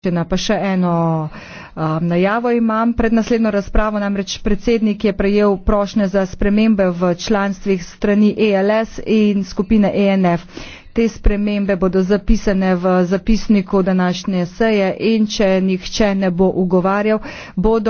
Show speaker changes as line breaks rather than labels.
Pa še eno um, najavo imam. Pred naslednjo razpravo namreč predsednik je prejel prošnje za spremembe v članstvih strani ELS in skupine ENF. Te spremembe bodo zapisane v zapisniku današnje seje in če nihče ne bo ugovarjal, bodo.